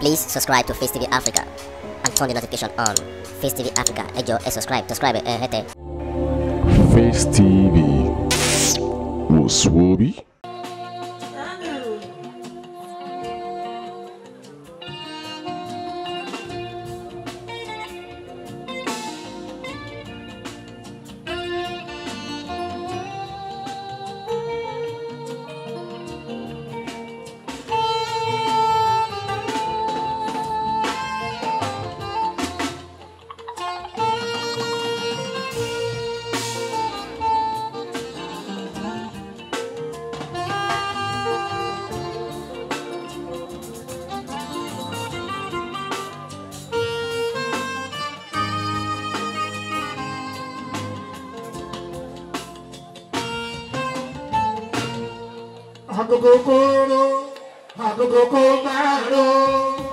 Please subscribe to Face TV Africa and turn the notification on. Face TV Africa, ejo, e subscribe, subscribe, eh, Face TV was Go go go! Go go go! Go go go!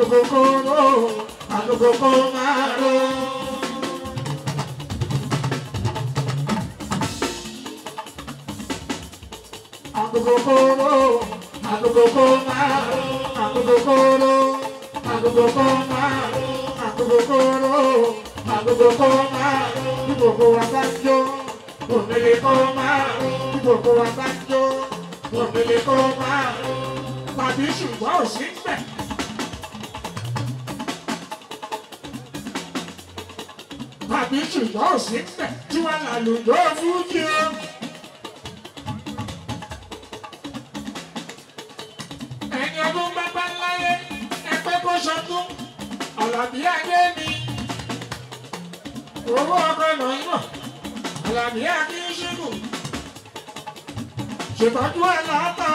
Agogogoro, agogogomaro. Agogogoro, agogogomaro. Agogogoro, agogogomaro. Agogogoro, agogogomaro. Gbogbo wa bá jó, òmìnir kọ́ márùn Tàbí ṣùgbọ́n ò sí ń bẹ̀. tàbí ṣùgbọ́n ò sí tẹ̀ tí wọ́n là lòdó fújì o. ẹ̀yin ọdún bàbá ńláyé ẹgbẹ́ bó ṣọdún Àlàbí ayé mi owó ọgbẹ́ lọ yíwọ̀ Àlàbí ayé ṣẹ́gun ṣètọ́jú ẹ̀ látà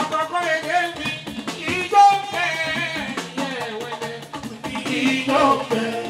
ọkọ̀ kọ́ èdè mi. Don't fail.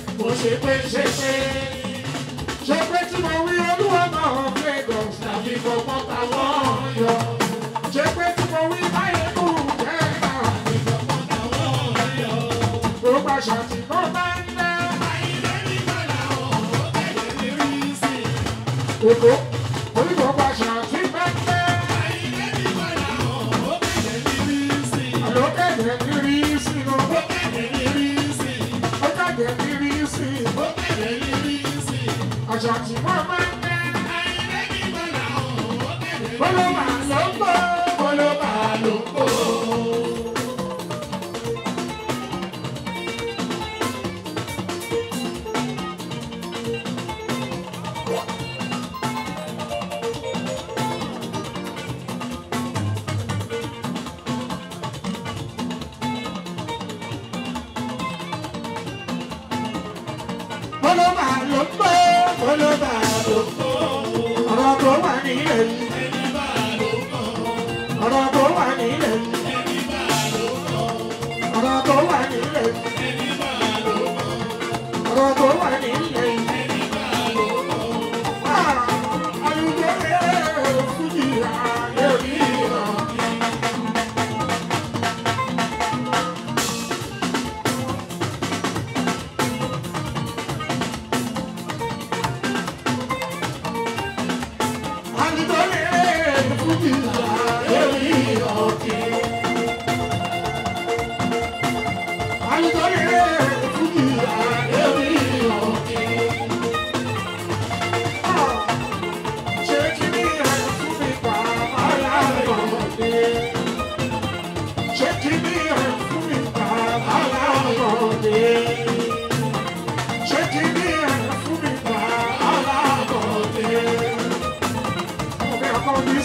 mo ṣe pé ṣe pé ṣe pé tí mo mi fọgbọ́n ta wọ́n yọ ṣe pé tí mo mi fọgbọ́n ta wọ́n yọ. ó bá ṣàtìkọ́ bá ń lẹ́. ayé lẹ́ni bàlá ọ̀hún ó mi rí Jaji nílẹ̀ ọ̀rọ̀ tó wà nílẹ̀ ọ̀rọ̀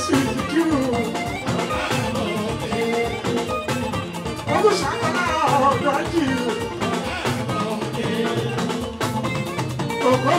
see.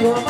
your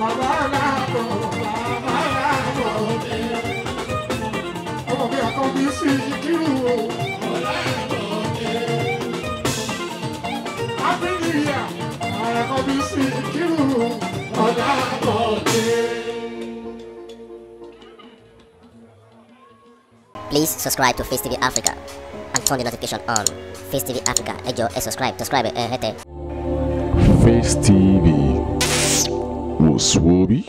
Please subscribe to Face TV Africa and turn the notification on. Face TV Africa, ẹ jọ̀ọ́, subscribe, subscribe, eh, Face TV. Swooby.